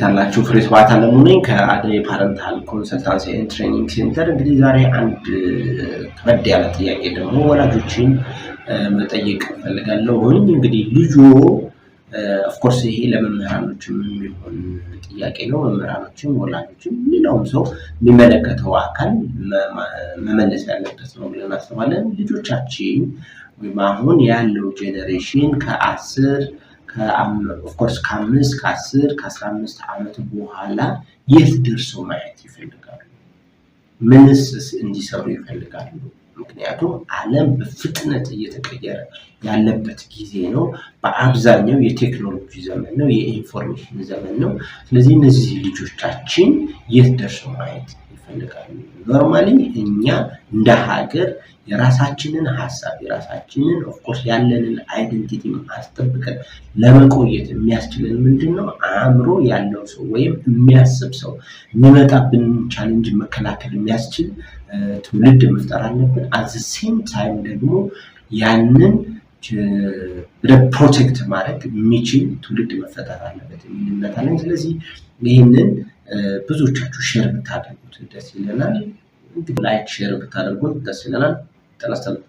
የታላችሁ ፍሬ ባት አለሙ ነኝ ከአደይ ፓረንታል ኮንሰልታንሲ ኤንድ ትሬኒንግ ሴንተር። እንግዲህ ዛሬ አንድ ከበድ ያለ ጥያቄ ደግሞ ወላጆችን መጠየቅ እፈልጋለሁ። እንግዲህ ልጆ ኦፍኮርስ ይሄ ለመምህራኖችም የሚሆን ጥያቄ ነው። መምህራኖችም ወላጆችም፣ ሌላውም ሰው የሚመለከተው አካል መመለስ ያለበት ነው ብለን እናስባለን። ልጆቻችን ወይም አሁን ያለው ጄኔሬሽን ከአስር ኦፍኮርስ ከአምስት ከአስር ከአስራ አምስት ዓመት በኋላ የት ደርሰው ማየት ይፈልጋሉ? ምንስ እንዲሰሩ ይፈልጋሉ? ምክንያቱም ዓለም በፍጥነት እየተቀየረ ያለበት ጊዜ ነው። በአብዛኛው የቴክኖሎጂ ዘመን ነው፣ የኢንፎርሜሽን ዘመን ነው። ስለዚህ እነዚህ ልጆቻችን የት ደርሰው ማየት ያስፈልጋሉ። ኖርማሊ እኛ እንደ ሀገር የራሳችንን ሀሳብ የራሳችንን ኦፍኮርስ ያለንን አይደንቲቲ አስጠብቀን ለመቆየት የሚያስችለን ምንድን ነው? አእምሮ ያለው ሰው ወይም የሚያስብ ሰው የሚመጣብን ቻሌንጅ መከላከል የሚያስችል ትውልድ መፍጠር አለብን። አት ሴም ታይም ደግሞ ያንን ፕሮቴክት ማድረግ የሚችል ትውልድ መፈጠር አለበት የሚልነት እምነት አለኝ። ስለዚህ ይህንን ብዙዎቻችሁ ሼር ብታደርጉት ደስ ይለናል። ላይክ ሼር ብታደርጉት ደስ ይለናል። ተነስተናል።